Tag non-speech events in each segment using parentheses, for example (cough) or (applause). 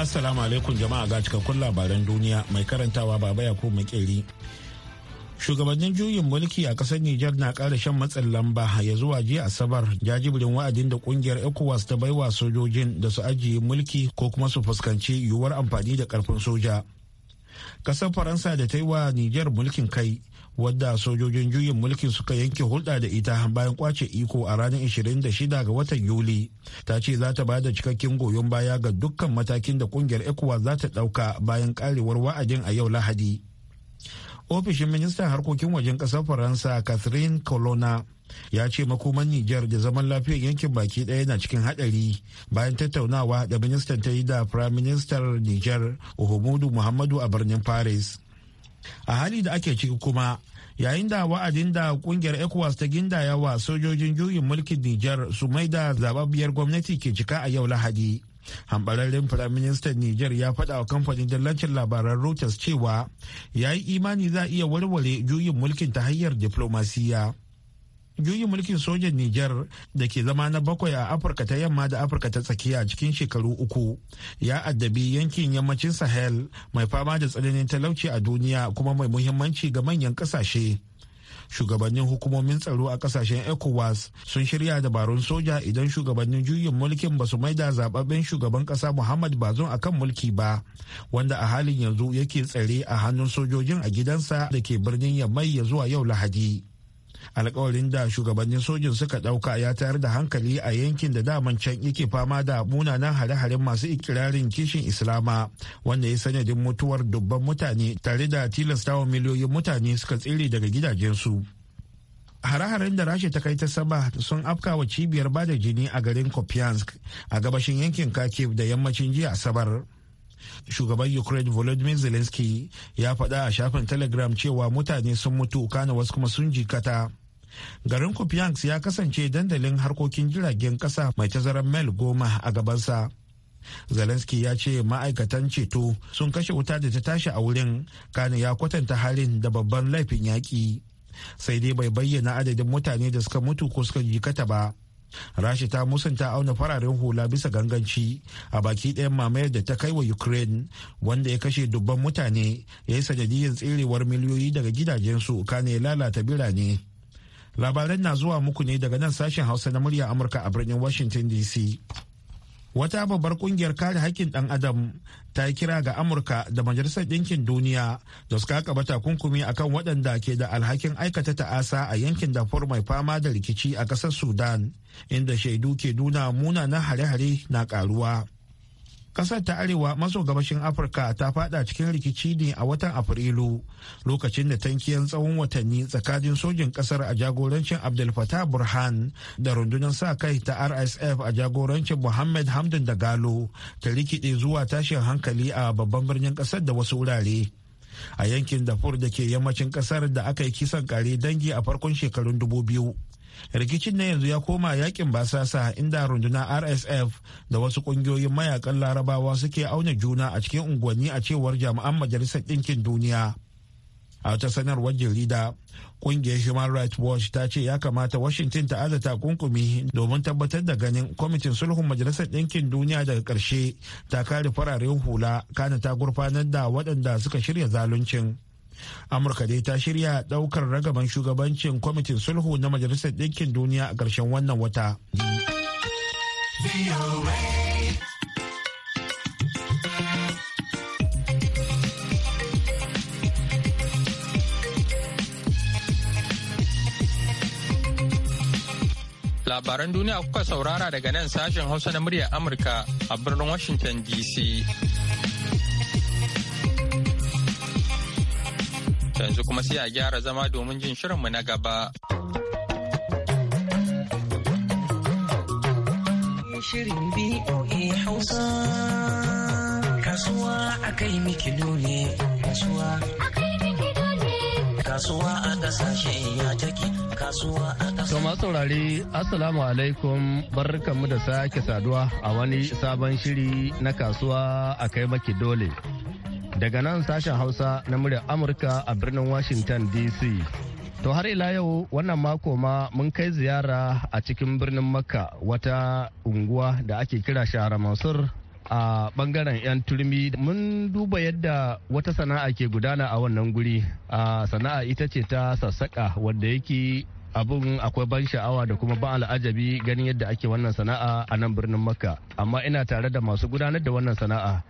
Assalamu alaikum jama'a ga cikakkun labaran duniya mai karantawa baba ya makeri. Shugabannin juyin mulki a ƙasar Nijar na ƙara shan matsin lamba ya zuwa jiya Asabar jajibirin wa'adin da ƙungiyar ECOWAS ta baiwa sojojin da su ajiye mulki ko kuma su fuskanci yiwuwar amfani da ƙarfin soja. Ƙasar Faransa da ta yi wa Nijar mulkin kai wadda sojojin juyin mulkin suka yanke hulɗa da ita bayan kwace iko a ranar 26 ga watan yuli ta ce za ta bada cikakken goyon baya ga dukkan matakin da kungiyar ecowa za ta ɗauka bayan karewar wa'adin a yau lahadi ofishin ministan harkokin wajen ƙasar faransa catherine colonna ya ce makoman Nijar da zaman lafiyar yankin baki ɗaya na cikin haɗari bayan tattaunawa da ministan ta yi da Prime Minister Nijar Uhumudu Muhammadu a birnin Paris. a hali da ake ciki kuma yayin da wa'adin da kungiyar ecowas ta gindaya wa sojojin juyin mulkin niger su mai da zababbiyar gwamnati ke cika a yau lahadi hambararren firaministan niger ya faɗa wa kamfanin dillancin labaran reuters cewa yayi imani za a iya warware juyin mulkin ta hanyar diplomasiya. juyin mulkin sojan Nijar da ke zama na bakwai a Afirka ta yamma da Afirka ta tsakiya cikin shekaru uku ya addabi yankin yammacin Sahel mai fama da tsananin talauci a duniya kuma mai muhimmanci ga manyan kasashe Shugabannin hukumomin tsaro a kasashen ECOWAS sun shirya dabarun soja idan shugabannin juyin mulkin ba su maida zababben shugaban kasa Muhammad Bazoum kan mulki ba, wanda a halin yanzu yake tsare a hannun sojojin a gidansa da ke birnin Yamai ya zuwa yau Lahadi. alkawarin da shugabannin sojin suka dauka ya tayar da hankali a yankin da daman can yake fama da munanan hare-haren masu ikirarin kishin islama wanda ya sanadin mutuwar dubban mutane tare da tilastawa miliyoyin mutane suka tsere daga gidajensu hare-haren da rasha ta kai ta saba sun afka wa cibiyar bada jini a garin Kopiansk a gabashin yankin Kharkiv da yammacin jiya Asabar. shugaban ukraine volodymyr zelensky ya faɗa a shafin telegram cewa mutane sun mutu kana wasu kuma sun jikata garin kupiansk ya kasance dandalin harkokin jiragen kasa mai tazarar mil goma a gabansa zelensky ya ce ma'aikatan ceto sun kashe wuta da ta tashi a wurin kane ya kwatanta halin da babban laifin yaƙi sai dai bai bayyana adadin mutane da suka mutu ko suka jikata ba rasha ta musanta auna fararen hula bisa ganganci a baki ɗayan mamayar da ta kai wa ukraine wanda ya kashe dubban mutane ya yi sanadiyyar tserewar miliyoyi daga gidajensu kane lalata birane labaran na zuwa muku ne daga nan sashen hausa na murya amurka a birnin washington dc wata babbar kungiyar kare haƙƙin ɗan adam ta yi kira ga amurka da majalisar ɗinkin duniya da suka kaba takunkumi akan waɗanda ke da alhakin aikata ta'asa a yankin dafur mai fama da rikici a ƙasar sudan inda shaidu ke nuna munanan hare-hare na ƙaruwa Ƙasar ta Arewa maso gabashin Afirka ta fada cikin rikici ne a watan Afrilu lokacin da tankiyar tsawon watanni tsakanin sojin ƙasar a jagorancin Abdul Fattah Burhan da rundunar sa kai ta RSF a jagorancin Muhammad Hamdan da Galo ta rikide zuwa tashin hankali a babban birnin ƙasar da wasu wurare. A yankin Darfur da ke yammacin ƙasar da aka yi kisan kare dangi a farkon shekarun dubu biyu. rikicin na yanzu ya koma yakin basasa inda rundunar rsf da wasu kungiyoyin mayakan larabawa suke auna juna a cikin unguwanni a cewar jami'an majalisar ɗinkin duniya a wata sanarwar jarida kungiyar human rights watch ta ce ya kamata washington ta aza takunkumi domin tabbatar da ganin kwamitin sulhun majalisar ɗinkin duniya daga ƙarshe ta kare fararen hula kana ta gurfanar da waɗanda suka shirya zaluncin. amurka dai ta shirya daukar ragaban shugabancin kwamitin sulhu na majalisar ɗinkin duniya a ƙarshen wannan wata Labaran duniya kuka saurara daga nan sashen Hausa na muryar Amurka a birnin Washington DC. Yanzu kuma sai a gyara zama domin jin shirinmu na gaba. Shirin BOA Hausa Kasuwa a kai mikido ne Kasuwa a kai mikido ne Kasuwa a kasashen ya take kasuwa To masu saurare Assalamu alaikum barkanmu da sake saduwa a wani sabon shiri na kasuwa a kai dole Daga nan sashen Hausa na muryar Amurka a birnin Washington DC. To har ila yau wannan mako ma mun kai ziyara a cikin birnin Makka wata unguwa da ake kira Shahara Mansur a bangaren 'yan turmi mun duba yadda wata sana'a ke gudana a wannan guri a sana'a ita ce ta sassaka wadda yake abun akwai ban sha'awa da kuma ban al'ajabi ganin yadda ake wannan sana'a a nan birnin makka amma ina tare da masu gudanar da wannan sana'a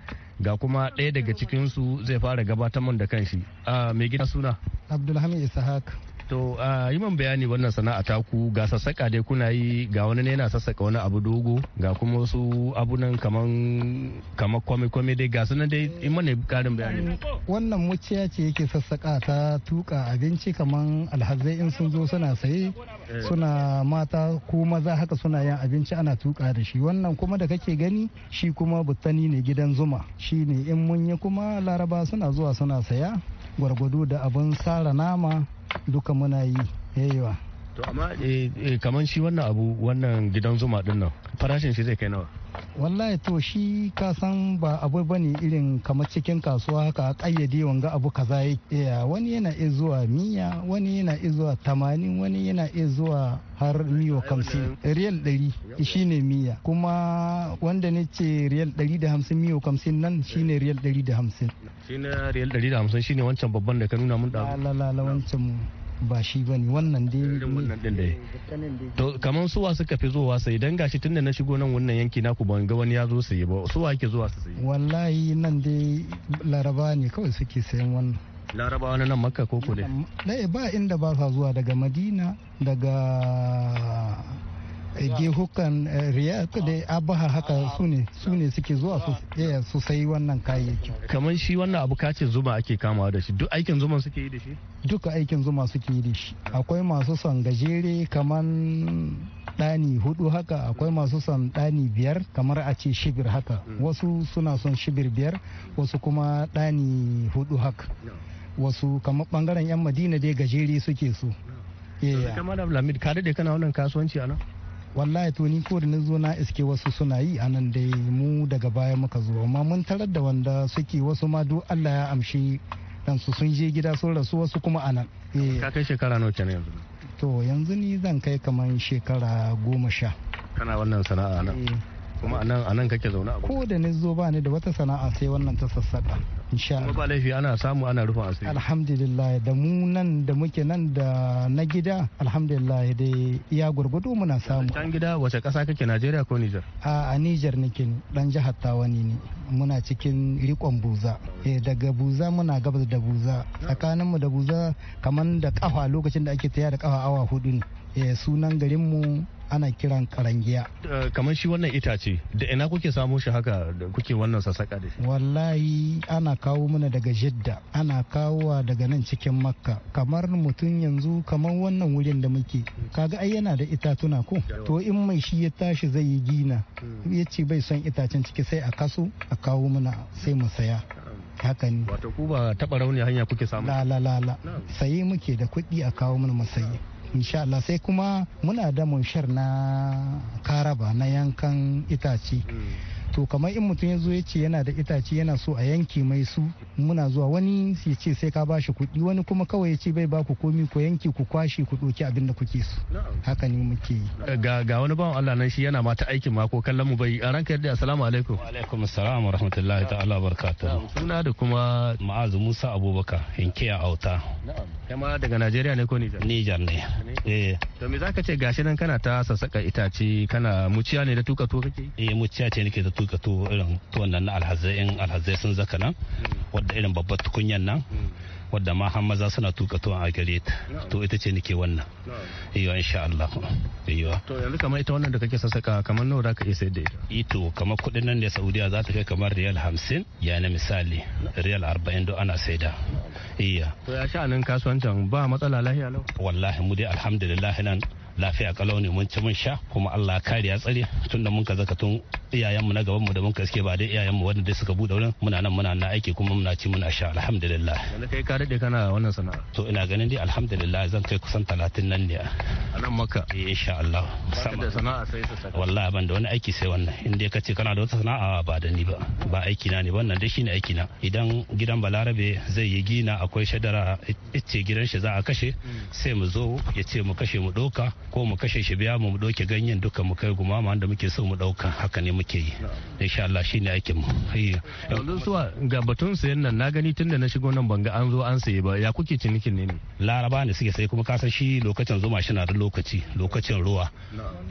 ga kuma ɗaya daga cikinsu zai fara gabatar da kanshi a ah, mai gida suna abdulhamid ishaq To yi man bayani wannan sana'a ta ku ga sassaƙa dai kuna yi ga wani ne yana sassaƙa wani abu dogo ga kuma wasu abunan kaman kamar kwame-kwame dai ga sunan dai in mana karin bayani. Wannan muciya ce yake sassaƙa ta tuka abinci kaman alhazai in sun zo suna saye eh. suna mata ko maza haka suna yin abinci ana tuka da shi wannan kuma da kake gani shi kuma buttani ne gidan zuma shi ne in mun yi kuma laraba suna zuwa suna saya gwargwado da abin sara nama duka muna yi yayewa to amma eh, eh, kaman shi wannan abu wannan gidan zuma din nan farashin shi zai kai nawa wallahi to shi ka san ba abu bane irin kamar cikin kasuwa haka kayyade wanga abu kaza ya wani yana iya zuwa miya wani yana iya zuwa tamanin wani yana iya zuwa har miyo kamsin riyal ɗari ne miya kuma wanda ne ce riyal ɗari da hamsin miyo kamsin nan shine riyal ɗari da hamsin shi ne riyal ɗari da hamsin shi ne wancan babban da ka nuna mun da la la la wancan mu ba shi ba ne wannan dai to kamar suwa suka fi zuwa sai dan gashi tun da na shigo nan wannan yanki na ku ban ga wani ya zo sai ba suwa yake zuwa su saye wallahi nan dai laraba ne kawai suke sayan wannan laraba wani nan makka ko ko eh, ba inda ba sa zuwa daga madina daga gehukan eh, eh, riyak da abaha haka su ne suke zuwa eh, su sayi wannan kayayyaki kamar shi wannan abu kace zuma ake kama da shi duk aikin zuma suke yi da shi duka aikin zuma suke yi da shi akwai masu son gajere kamar ɗani hudu haka akwai masu son ɗani biyar kamar a ce shibir haka hmm. wasu suna son shibir biyar wasu kuma ɗani hudu haka wasu kamar bangaren yan madina dai gajere suke so kamar lamid ka daɗe kana wannan kasuwanci a nan wallahi to ni ko da zo na iske wasu suna yi a nan dai mu daga baya muka zo amma mun tarar da wanda suke wasu ma duk Allah ya amshi dan su sun je gida sun rasu wasu kuma a nan eh. ka kai shekara nawa kenan yanzu to yanzu ni zan kai kaman shekara goma sha kana wannan sana'a nan eh. kuma a nan kake zaune ko da ni zo ba ni da wata sana'a sai wannan ta sassaɗa. insha Allah ba laifi ana samu ana asiri alhamdulillah da mu nan da muke nan da na gida alhamdulillah dai ya gurgudu muna samu can gida wace kasa kake Najeriya ko Niger a a Niger nake dan jihar Tawani ne muna cikin rikon buza eh daga buza muna gabas da buza tsakaninmu da buza kamar da kafa lokacin da ake taya da kafa awa hudu ne Eh, sunan garinmu ana kiran karangiya. Eh, kamar shi wannan itace da ina kuke samo shi haka da kuke wannan sasaka da shi. wallahi ana kawo mana daga jidda ana kawowa daga nan cikin makka kamar mutum yanzu kamar wannan wurin da muke kaga ai yana da itatuna ko to in mai shi ya tashi zai yi gina hmm. ya ce bai son itacen ciki sai a kaso a kawo mana sai mu saya haka ne wato ku ba taɓa rauni hanya kuke samu la la la saye muke da kuɗi a kawo mana mu sayi insha Allah sai kuma muna da munshar na karaba na yankan itace mm. to kamar in mutum ya zo ya ce yana da itace yana so a yanke mai su muna zuwa wani ya ce sai ka bashi kuɗi wani kuma kawai ya ce bai baku komi ku yanke ku kwashe ku ɗauki abin da kuke su haka ne muke yi ga ga wani bawan Allah nan shi yana mata aikin ma ko kallon mu bai a ranka yadda assalamu alaikum wa alaikum assalam wa rahmatullahi ta'ala barakatuh suna da kuma ma'azu Musa Abubakar a Auta kuma daga Najeriya ne ko Niger. Niger ne eh to me zaka ce gashi nan kana ta sassaka itace kana muciya ne da tuka to kake eh muciya ce nake da tuka tuwo irin tuwon nan na alhazai in alhazai sun zaka nan hmm. wadda irin babbar tukunyan nan hmm. wadda ma har maza suna tuka tuwon a gare ta to ita ce nake wannan iya insha Allah iya to yanzu kamar ita wannan da kake sassaka kamar nawa zaka iya sayar da ita ito kamar kudin nan da Saudiya za ta kai kamar riyal 50 ya na misali riyal 40 do ana saida iya to ya sha nan kasuwancin ba matsala lafiya lau wallahi mu dai alhamdulillah nan lafiya kalau ne mun ci mun sha kuma Allah kare ya tsare tunda mun ka zaka tun iyayenmu na gaban mu da mun ka iske ba dai iyayenmu wanda dai suka bude wurin muna nan muna na aiki kuma muna ci muna sha alhamdulillah wanda kai ka dade kana wannan sana'a to ina ganin dai alhamdulillah zan kai kusan 30 nan ne a nan maka. eh insha Allah sama sana'a sai ta wallahi ban da wani aiki sai wannan in dai kace kana da wata sana'a ba da ni ba ba aiki na ne wannan dai shine aiki na idan gidan balarabe zai yi gina akwai shadara ice gidan shi za a kashe mm. sai mu zo ya ce mu kashe mu doka ko mu kashe shi biya mu mu ɗauke ganyen duka mu kai gumama da muke so mu ɗauka haka ne muke yi insha Allah shi ne aikin mu yanzu suwa ga batun sayan nan na gani tunda na shigo nan banga an zo an saye ba ya kuke cinikin ne laraba ne suke sai kuma kasan shi lokacin zuma shi na da lokaci lokacin ruwa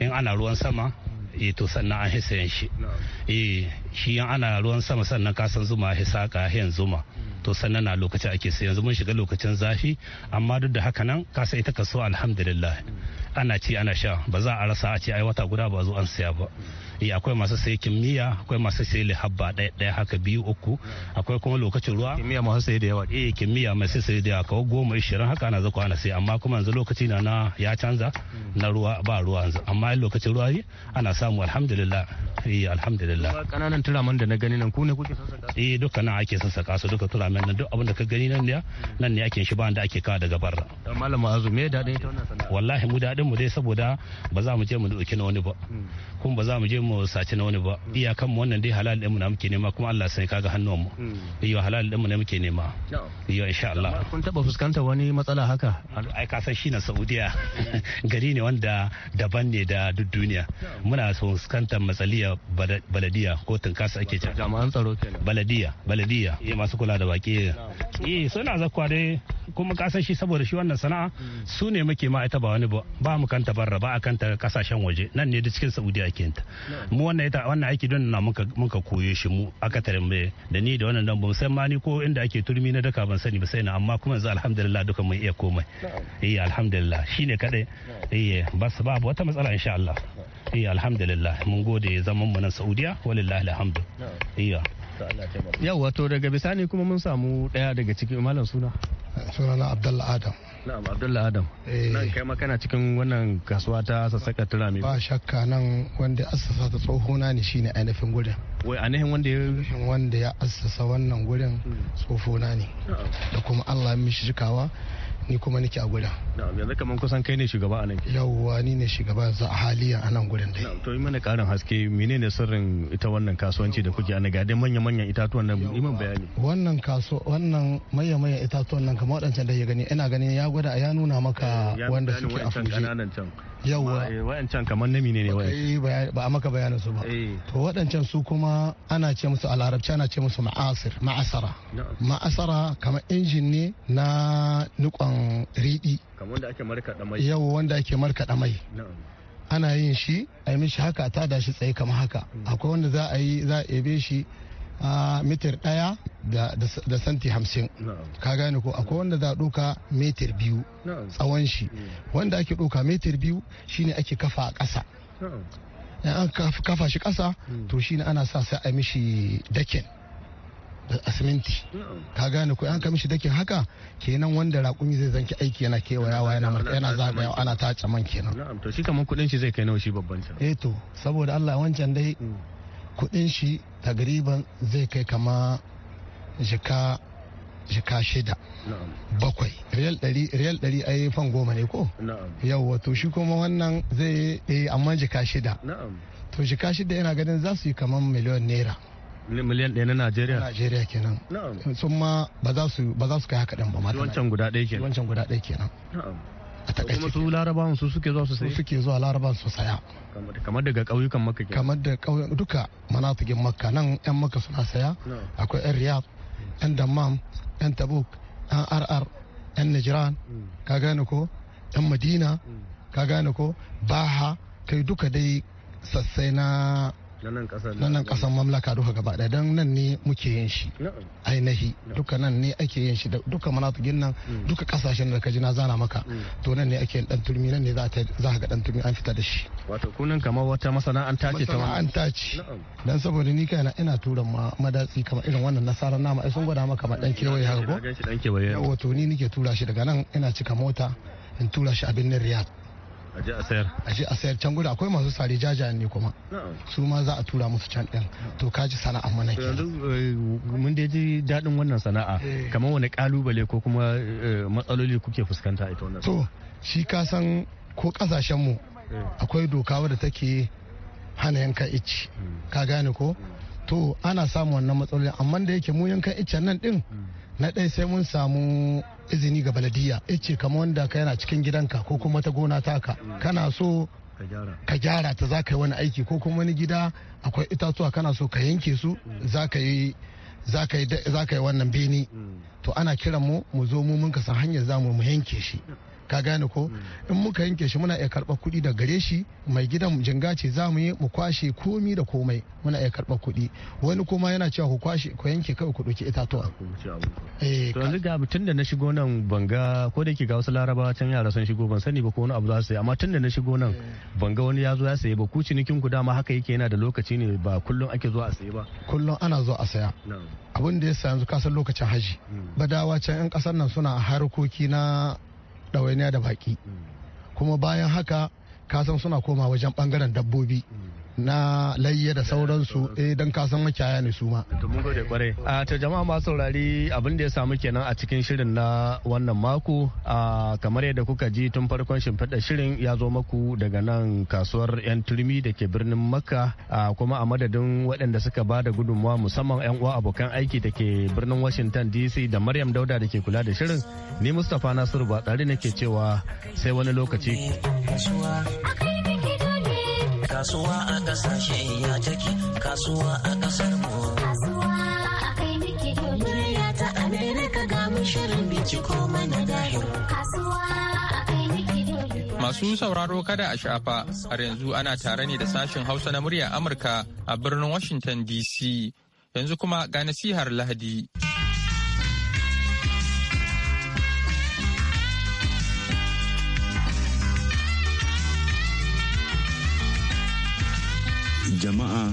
in ana ruwan sama e to sannan an hisa yan shi e shi yan ana ruwan sama sannan kasan zuma hisa ka hen zuma hmm. to sannan na lokaci ake sai yanzu mun shiga lokacin zafi amma duk da haka nan kasa ita kaso alhamdulillah hmm. ana ci ana sha ba za a rasa a ce ai wata guda ba zo an siya ba eh akwai masu sayi kimiyya akwai masu sayi lihabba ɗaya ɗaya haka biyu uku akwai kuma lokacin ruwa kimiyya masu sayi da yawa eh kimiyya masu sayi da yawa goma ishirin haka ana zaku ana sai amma kuma yanzu lokaci na na ya canza na ruwa ba ruwa yanzu amma lokacin ruwa ana samu alhamdulillah eh alhamdulillah kananan turamen da na gani nan ku ne kuke sassaka eh duka nan ake sassaka su duka turamen nan duk abin da ka gani nan ne nan ne ake shi ba da ake kawo daga barra malama azumi da daɗin ta wannan sana'a wallahi mu daɗin daɗin mu dai saboda ba za mu je mu dauki na wani ba hmm. kuma ba za mu je mu saci na wani ba hmm. iyakan mu wannan dai halal din mu na muke nema kuma Allah sai kaga hannuwan mu hmm. iyo halal din mu na muke nema iyo insha Allah kun taba fuskantar wani matsala haka ai ka san shi na Saudiya (laughs) gari ne wanda daban ne da duk duniya muna fuskantar matsaliya baladiya ko tunkasa ake cewa jama'an tsaro baladiya baladiya masu kula da baki eh suna zakwa dai kuma ka san shi saboda shi wannan sana'a su ne muke ma ita ba wani ba ba mu kanta barra ba a kanta kasashen waje nan ne da cikin saudiya ke ta mu wannan ita wannan aiki don na muka muka koye shi mu aka mai da ni da wannan dan ban san mani ko inda ake turmi na daka ban sani ba sai na amma kuma yanzu alhamdulillah duka mun iya komai eh alhamdulillah shine kadai eh bas babu wata matsala insha Allah eh alhamdulillah mun gode zaman mu nan saudiya walillahi alhamdu eh Yawwa to daga bisani kuma mun samu daya daga cikin malam suna. Sunana Abdullah Adam. Na'am Abdullah Adam. Eh. Nan kai ma kana cikin wannan kasuwa ta sassaka mai Ba shakka nan wanda assasa ta tsohona ne shine ainihin gurin. Wai ainihin wanda ya wanda ya assasa wannan gurin hmm. tsohona ne. Da kuma Allah mishi jikawa ni kuma nake a gurin. yanzu kamar kusan kai ne shugaba a nan ke. yawwa ni ne shugaba za a haliya a nan gurin dai. to yi mana karin haske menene sirrin ita wannan kasuwanci da kuke ana gadin manya-manyan itatuwan nan yi min bayani. wannan kaso wannan manya-manyan itatuwan nan kamar waɗancan da ya gani ina ganin ya gwada ya nuna maka eh, wanda suke a fuje. yawa eh, wayancan kamar nami ne ne eh, ba a maka bayanin su ba eh. to waɗancan su kuma ana ce musu a larabci ana ce musu ma'asir ma'asara ma'asara kamar injin ne na nukon riɗi kamar wanda ake markaɗa mai ana yin shi a yi mishi haka ta da shi tsaye kamar haka mm. akwai wanda za a yi za a ebe shi mitar ɗaya da santi hamsin ka gane ko akwai wanda za a ɗoka mitar biyu tsawon shi mm. wanda ake ɗoka mitar biyu shine ake kafa a ƙasa in an kafa shi ƙasa mm. to shine ana sa sai a mishi dakin a siminti ka gane ko an ka mishi dakin haka kenan wanda raƙumi zai zanki aiki yana kewayawa yana marka yana zagayawa ana ta man kenan to shi kaman kuɗin shi zai kai nawa shi babban can eh to saboda Allah wancan dai mm. kudin shi tagriban zai kai kama jika jika shida bakwai riyal ɗari riyal ɗari a yi fan goma ne ko yau wato shi kuma wannan zai yi eh, amma jika shida to jika shida yana ganin za su yi kamar miliyon naira miliyan ɗaya na Najeriya? Najeriya kenan. Sun ma ba za su kai haka ɗin ba ma. Wancan guda ɗaya kenan. Wancan guda ɗaya kenan. a takaice kuma su larabawan su suke zuwa su saya suke zuwa larabawan su saya kamar daga ƙauyukan makka kamar daga ƙauyukan duka manatigin makka nan yan makka suna saya akwai yan riyad yan dammam yan tabuk yan rr yan najran mm. ka gane ko yan madina mm. ka gane ko baha kai duka dai sassai na na nan kasar mamlaka duka gaba ɗaya don nan ne muke yin shi ainihi duka nan ne ake yin shi duka manatugin nan mm. duka kasashen da kaji na zana maka mm. to nan ne ake yin dan turmi nan ne za ka ga dan turmi an fita da shi wato kunan kamar wata masana'anta ce ta masana'anta ce dan saboda ni kaina ina tura madatsi kamar irin wannan nasara nama ai sun gwada maka ma dan kewaye haka ko wato ni nike tura shi daga nan ina cika mota in tura shi abin nan riyad aje a sayar a sayar can gudu akwai masu sare jajayen ne kuma su ma za a tura musu can din to kaji sana'a mana ke eh, mun da ji daɗin wannan sana'a eh. kamar wani kalubale ko kuma eh, matsaloli kuke fuskanta ita wannan to shi ka san ko kasashen mu akwai doka wadda take hana yanka icci hmm. ka gane ko hmm. to ana samun wannan matsaloli amma da yake mu yanka iccen nan din hmm. na ɗaya sai mun samu izini ga baladiya ce kama wanda ka yana cikin gidanka ko kuma ta gona taka kana so ka gyara ta za ka yi wani aiki ko kuma wani gida akwai itatuwa kana so ka yanke su mm. za ka yi wannan beni mm. to ana kiran mu mu zo mu mun san hanyar za mu yanke shi mm. ka gane ko in muka yanke shi muna iya karɓar kuɗi da gare shi mai gidan jinga ce za mu yi mu kwashe komi da komai muna iya karɓar kuɗi wani kuma yana cewa ku kwashe ku yanke kawai ku ɗauki itatuwa. Eh, to yanzu ga tun da na shigo nan ban ga ko da ke ga wasu laraba can yara sun shigo ban sani ba ko wani abu za su yi amma tun da na shigo nan eh. ban ga wani ya zo ya saye ba ku cinikin ku dama haka yake yana da lokaci ne ba kullum ake zuwa a saye ba. kullum ana zuwa a saya. abin da ya sa yanzu kasan lokacin haji. Hmm. badawa can 'yan kasar nan suna harkoki na ɗawainiya da baƙi mm. kuma bayan haka kasan suna koma wajen ɓangaren dabbobi mm. na layya da sauransu eh don kasan makiyaya ne su ma. A ta jama'a masu saurari abin da ya samu kenan a cikin shirin na wannan mako a kamar yadda kuka ji tun farkon shimfiɗa shirin ya zo maku daga nan kasuwar 'yan turmi da ke birnin Makka kuma a madadin waɗanda suka ba da gudunmawa musamman 'yan uwa abokan aiki da ke birnin Washington DC da Maryam Dauda da ke kula da shirin ni Mustapha Nasiru ba tsari nake cewa sai wani lokaci. kasuwa a kasashe ya take kasuwa a kasar mu kasuwa a kai muke duniya ta america ga mu shirin biki binciko mana gahir kasuwa a kai muke Masu sauraro kada a shafa, har yanzu ana tare ne da sashen Hausa na murya Amurka a birnin Washington DC. Yanzu kuma ga nasihar Lahadi. jama'a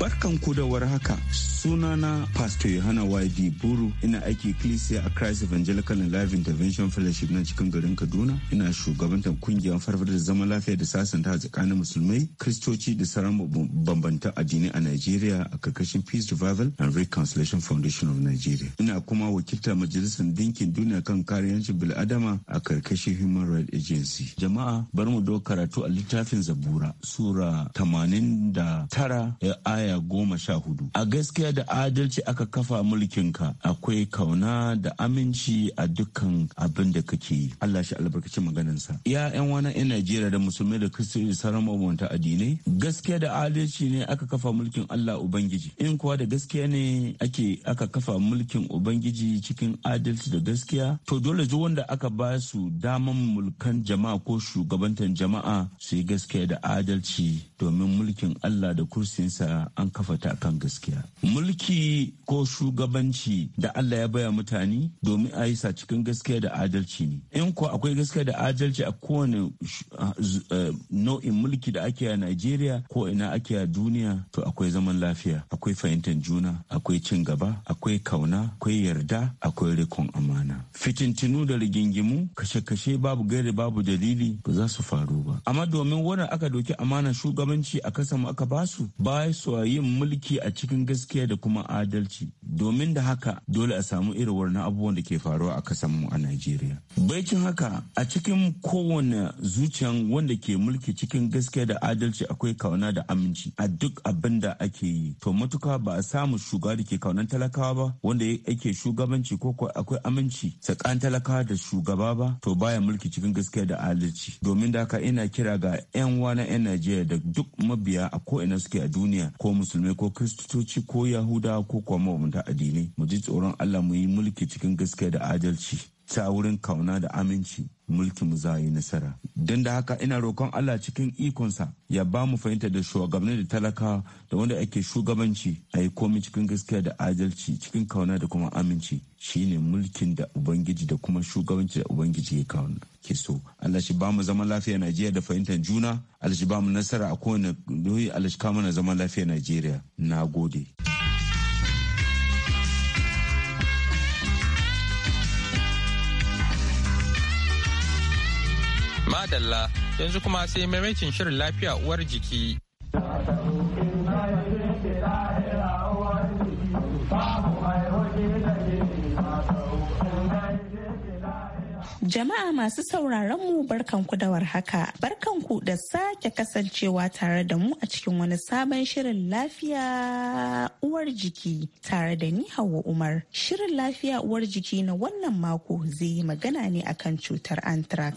barkan ku da haka. sunana pastor yohana yd buru ina aiki ecclesia a christ evangelical and life intervention fellowship na cikin garin kaduna ina shugabantar kungiyar farfadar da zaman lafiya da sasanta tsakanin musulmai kristoci da sauran bambanta addini a nigeria a karkashin peace revival and reconciliation foundation of nigeria ina kuma wakilta majalisar dinkin duniya kan kariyanci bil'adama a karkashin human rights agency jama'a bar mu do karatu a littafin zabura sura 89 eh, aya goma sha hudu a gaskiya da adalci aka kafa mulkinka akwai kauna da aminci a dukkan abin da kake yi Allah shi albarkaci maganansa ya yan wani yan Najeriya da musulmai da kristoci sauran mabanta addinai gaskiya da adalci ne aka kafa mulkin Allah ubangiji in kuwa da gaskiya ne ake aka kafa mulkin ubangiji cikin adalci da gaskiya to dole zo wanda aka ba su daman mulkan jama'a ko shugabantan jama'a su yi gaskiya da adalci domin mulkin Allah da kursinsa an kafa ta kan gaskiya mulki ko shugabanci da Allah ya baya mutane domin a yi sa cikin gaskiya da adalci ne in ko akwai gaskiya da adalci a kowane uh, uh, nau'in mulki da ake a Najeriya ko ina ake a duniya to akwai zaman lafiya akwai fahimtar juna akwai cin gaba akwai kauna akwai yarda akwai rikon amana fitintinu da rigingimu kashe-kashe babu gari babu dalili ba za su faru ba amma domin wannan aka doki amana shugabanci a kasa aka basu ba su a yin mulki a cikin gaskiya da kuma adalci domin da haka dole a samu irin na abubuwan da ke faruwa a kasanmu a Najeriya. Baikin haka a cikin kowane zuciyan wanda ke mulki cikin gaskiya da adalci akwai kauna da aminci a duk abin da ake yi. To matuka ba a samu shugaba da ke kaunan talakawa ba wanda yake shugabanci ko akwai aminci tsakanin talakawa da shugaba ba to baya mulki cikin gaskiya da adalci. Domin da haka ina kira ga 'yan wana 'yan Najeriya da duk mabiya a ko ina suke a duniya ko musulmai ko kiristoci ko yahuda ko kuwa mabambanta addinai mu ji tsoron allah mu yi mulki cikin gaskiya da adalci ta wurin kauna da aminci mulki mu za yi nasara don da haka ina roƙon allah cikin ikonsa ya ba mu fahimta da shugabanni da talakawa da wanda ake shugabanci a yi komi cikin gaskiya da adalci cikin kauna da kuma aminci shine mulkin da ubangiji da kuma shugabanci da ubangiji ya kauna. ke allah shi ba mu zaman lafiya najeriya da fahimtar juna allah shi ba mu nasara a kowane allah shi kama na zaman lafiya najeriya na gode. madalla yanzu kuma sai maimakin shirin lafiya uwar jiki. Jama'a masu sauraron mu barkan barkanku da warhaka, ku da sake kasancewa tare da mu a cikin wani sabon shirin lafiya uwar jiki tare da ni Hauwa Umar. Shirin lafiya uwar jiki na wannan mako zai yi magana ne akan cutar anthrax.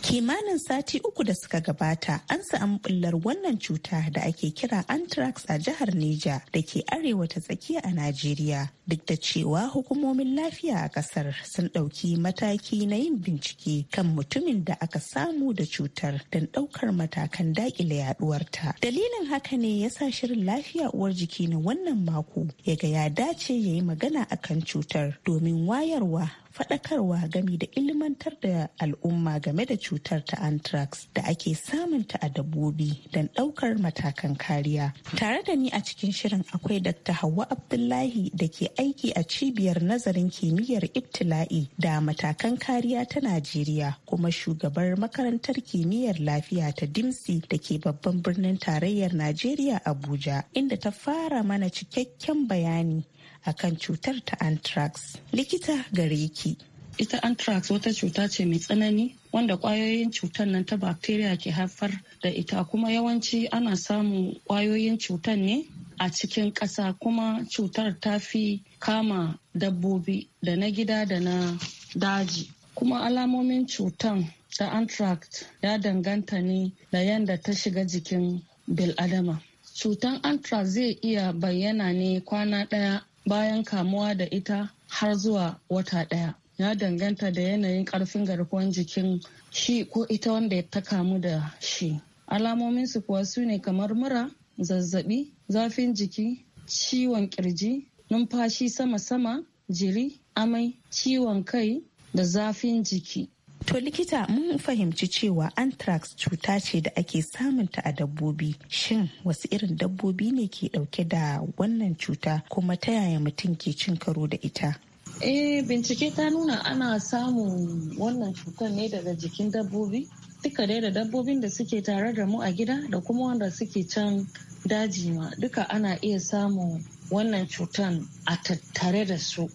kimanin sati uku da suka gabata an sa'an bullar wannan cuta da ake kira anthrax a jihar neja da ke arewa ta tsakiya a najeriya duk da cewa hukumomin lafiya a kasar sun ɗauki mataki na yin bincike kan mutumin da aka samu da cutar don ɗaukar matakan daƙile yaduwarta dalilin haka ne ya sa shirin lafiya uwar jiki na wannan mako ya ga ya dace ya yi magana akan cutar domin wayarwa faɗakarwa game da ilmantar da al'umma game da cutar cutar ta anthrax da ake samun ta a dabbobi don ɗaukar matakan kariya. Tare da ni a cikin shirin akwai Dr. hawwa Abdullahi da ke aiki a cibiyar nazarin kimiyyar ibtila'i da matakan kariya ta Najeriya kuma shugabar makarantar kimiyyar lafiya ta Dimsi da ke babban birnin tarayyar Najeriya Abuja inda ta fara mana cikakken bayani akan cutar ta anthrax. Likita gare ki. ita anthrax wata cuta ce mai tsanani wanda kwayoyin cutar nan ta bacteria ke haifar da ita kuma yawanci ana samun kwayoyin cutar ne a cikin ƙasa kuma cutar ta fi kama dabbobi da na gida da na daji kuma alamomin cutar ta anthrax ya danganta ne da yadda ta shiga jikin bil'adama cutar anthrax zai iya bayyana ne kwana ɗaya bayan kamuwa da ita har zuwa wata ɗaya ya danganta da yanayin karfin garkuwan jikin shi ko ita wanda ta kamu da shi Alamomin su kuwa su ne kamar mura zazzabi zafin jiki ciwon kirji numfashi sama-sama jiri amai ciwon kai da zafin jiki To likita mun fahimci cewa anthrax cuta ce da ake samunta a dabbobi. Shin wasu irin dabbobi ne ke dauke da wannan cuta kuma ta yaya mutum ke cin karo da ita? eh bincike ta nuna ana samun wannan cutar ne daga jikin dabbobi duka dai da dabbobin da suke tare da mu a gida da kuma wanda suke can daji ma duka ana iya samun wannan cutar a tattare da su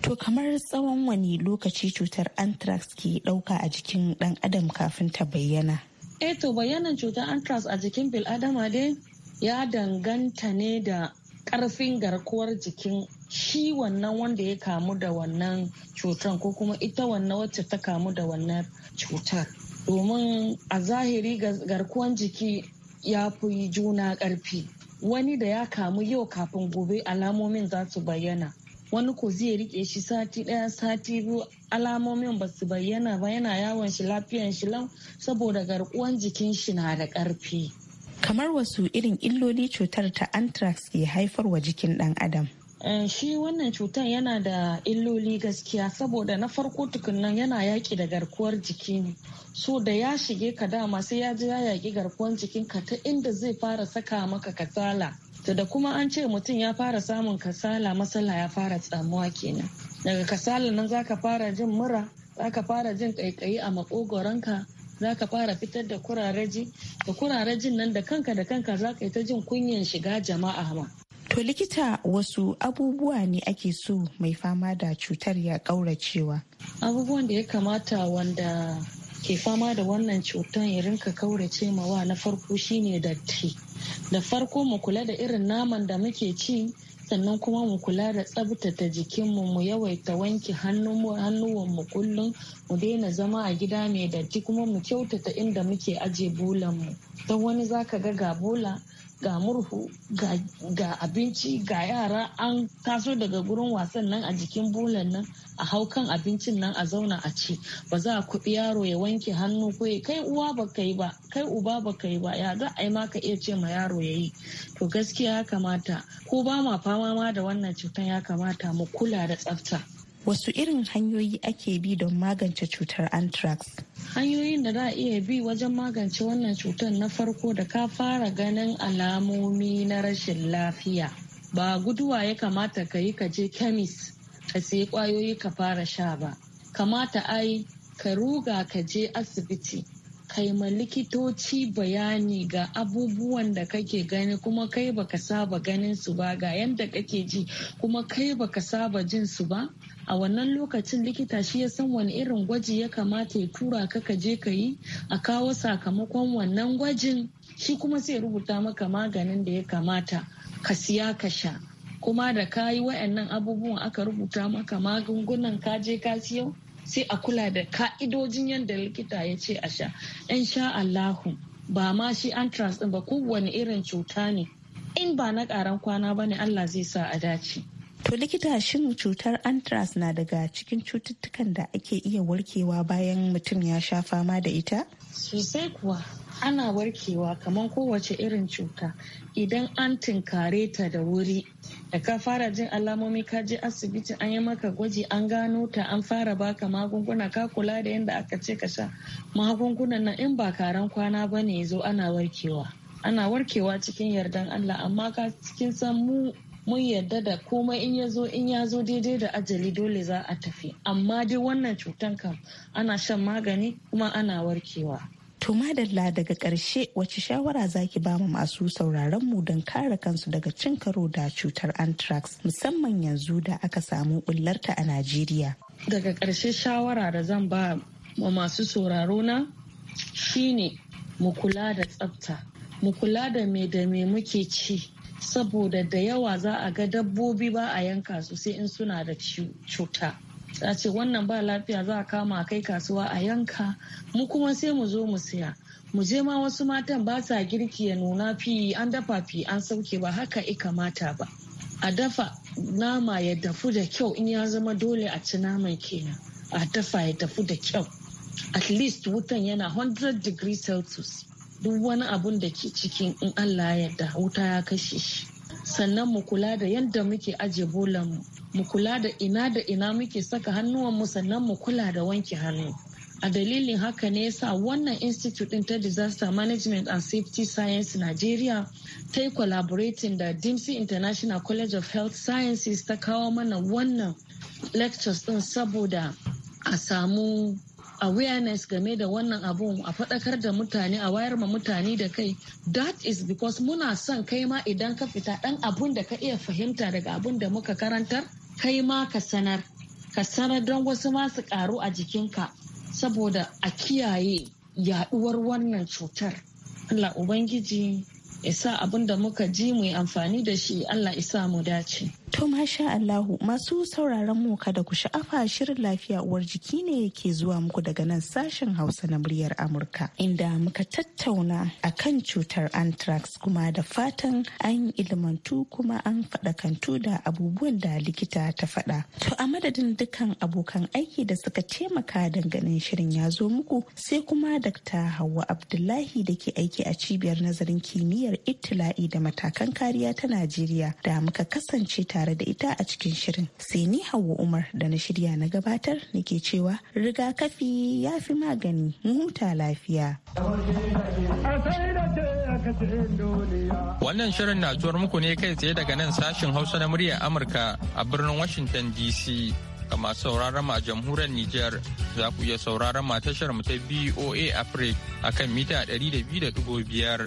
To kamar tsawon wani lokaci cutar anthrax ke ɗauka a jikin ɗan adam kafin ta bayyana? Eh to bayyanan cutar anthrax a jikin bil'adama dai ya danganta ne da karfin garkuwar jikin shi wannan wanda ya kamu da wannan cutar ko kuma ita wannan wacce ta kamu da wannan cutar domin a zahiri garkuwan jiki ya fi juna karfi wani da ya kamu yau kafin gobe alamomin za su bayyana wani ko zai rike shi sati daya sati biyu alamomin ba su bayyana ba yana yawon shi lafiyan shi lau saboda garkuwan jikin shi na da karfi kamar wasu irin illoli cutar ta anthrax ke haifarwa jikin ɗan adam eh, shi wannan cutar yana da illoli gaskiya saboda na farko tukunnan yana yaƙi da garkuwar jiki ne so da ya shige ka dama sai ya ji ya yaƙi garkuwar jikin ka ta inda zai fara saka maka kasala to da kuma an ce mutum ya fara samun kasala matsala ya fara tsamuwa kenan daga kasala nan zaka fara jin mura zaka fara jin ƙaiƙayi a maƙogoronka za ka fara fitar da kuraraji da nan da kanka da kanka za ka yi ta jin kunyan shiga jama'a ma To likita wasu abubuwa ne ake so mai fama da cutar ya kauracewa Abubuwan da ya kamata wanda ke fama da wannan cutar ya rinka kaurace mawa na farko shine datti. Da farko mu kula da irin naman da muke ci sannan kuma mu kula da tsabtata jikinmu mu yawaita wanke hannuwanmu kullum mu daina zama a gida mai datti kuma mu kyautata inda muke aje bulanmu don wani zaka ga ga bola ga murhu ga abinci ga yara an taso daga gurin wasan nan a jikin bulan nan a hau kan abincin nan a zauna a ci ba za a kuɗi yaro ya wanke hannu ko ya kai uwa ba kai ba kai uba ba kai ba ya za a yi ma ka iya ce ma yaro ya yi to gaskiya ya kamata ko ba ma fama ma da wannan cutan ya kamata mu kula da tsafta wasu irin hanyoyi ake bi don magance cutar anthrax hanyoyin da za a iya bi wajen magance wannan cutar na farko da ka fara ganin alamomi na rashin lafiya ba guduwa ya kamata ka yi ka je kemis ka sayi kwayoyi ka fara sha ba kamata ai ka ruga ka je asibiti kai ma likitoci bayani ga abubuwan da kake gani kuma kai baka saba ganin su ba ga yadda kake ji kuma kai baka saba jin su ba a wannan lokacin likita shi ya san wani irin gwaji ya kamata ya tura ka ka je ka yi a kawo sakamakon wannan gwajin shi kuma sai rubuta maka maganin da ya kamata ka siya ka sha kuma da ka yi abubuwan aka rubuta maka magungunan ka je ka siyo sai a kula da ka'idojin yadda likita ya ce a sha in sha allahu ba ma shi antrax ɗin ba kowane irin cuta ne in ba na ƙaran kwana ba ne allah zai sa a dace to likita shin cutar anthrax na daga cikin cututtukan da ake iya warkewa bayan mutum ya sha fama da ita sosai kuwa ana warkewa kamar kowace irin cuta idan an tinkare ta da wuri da ka fara jin alamomi ka je asibiti an yi maka gwaji an gano ta an fara baka magunguna ka kula da yadda aka ce ka sha magungunan na in ba karan kwana ba ne zo ana warkewa ana warkewa cikin yardan allah amma ka cikin san mu mun yarda da komai in ya zo in ya zo daidai da ajali dole za a tafi amma dai wannan cutan kam ana shan magani kuma ana warkewa To madalla daga ƙarshe wace shawara zaki ba mu masu sauraron mu don kare kansu daga cin karo da cutar anthrax musamman yanzu da aka samu bullarta a Najeriya. Daga ƙarshe shawara da zan ba wa masu sauraro na shine mu kula da tsafta, mu kula da me da me muke ci saboda da yawa za a ga dabbobi ba a yanka su sai in suna da cuta. za ce wannan ba lafiya za a kama a kai kasuwa a yanka mu kuma sai mu zo mu siya mu je ma wasu matan ba sa girki ya nuna fi an dafa fi an sauke ba haka ika kamata ba a dafa nama ya dafu da kyau in ya zama dole a ci naman kenan a dafa ya dafu da kyau at least wutan yana 100 degree celsius duk wani abun da ke cikin in allah ya yarda wuta ya kashe shi sannan mu kula da yadda muke aje bolan mu mu kula da ina da ina muke saka mu sannan mu kula da wanke hannu a dalilin haka ne yasa wannan institute ɗin ta disaster management and safety science nigeria ta yi collaborating da dmc international college of health sciences ta kawo mana wannan lectures din saboda a samu awareness game da wannan abun a faɗakar da mutane a wayar ma mutane da kai that is because muna son kai ma idan ka fita ɗan abun da ka iya fahimta daga abun da muka karantar kai ma ka sanar ka sanar don wasu masu su karu a jikinka saboda a kiyaye yaduwar wannan cutar Allah Ubangiji ya sa abin da muka ji mu yi amfani da shi Allah isa mu dace. To masha Allahu masu sauraron mu kada ku sha'afa shirin lafiya uwar jiki ne ke zuwa muku daga nan sashen Hausa na muryar Amurka inda muka tattauna a kan cutar anthrax kuma da fatan an ilmantu kuma an faɗakantu da abubuwan da likita ta faɗa. To a madadin dukkan abokan aiki da suka taimaka danganin shirin ya zo muku sai kuma Dr. Hauwa Abdullahi da ke aiki a cibiyar nazarin kimiyyar Itila'i da matakan kariya ta Najeriya da muka kasance ta tare da ita a cikin shirin. Sai ni Hauwa Umar da na shirya na gabatar nake cewa rigakafi ya fi magani mu huta lafiya. Wannan shirin na zuwar muku ne kai tsaye daga nan sashin Hausa na muryar Amurka a birnin Washington DC. ga masu sauraron a jamhuriyar Nijar za ku iya sauraron mu tashar mu ta BOA Africa akan mita 200.5